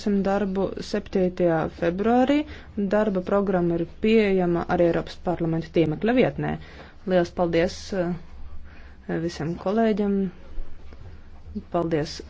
Sāksim darbu 7. februārī. Darba programma ir pieejama arī Eiropas parlamenta tiemekļa vietnē. Lielas paldies eh, visiem kolēģiem. Paldies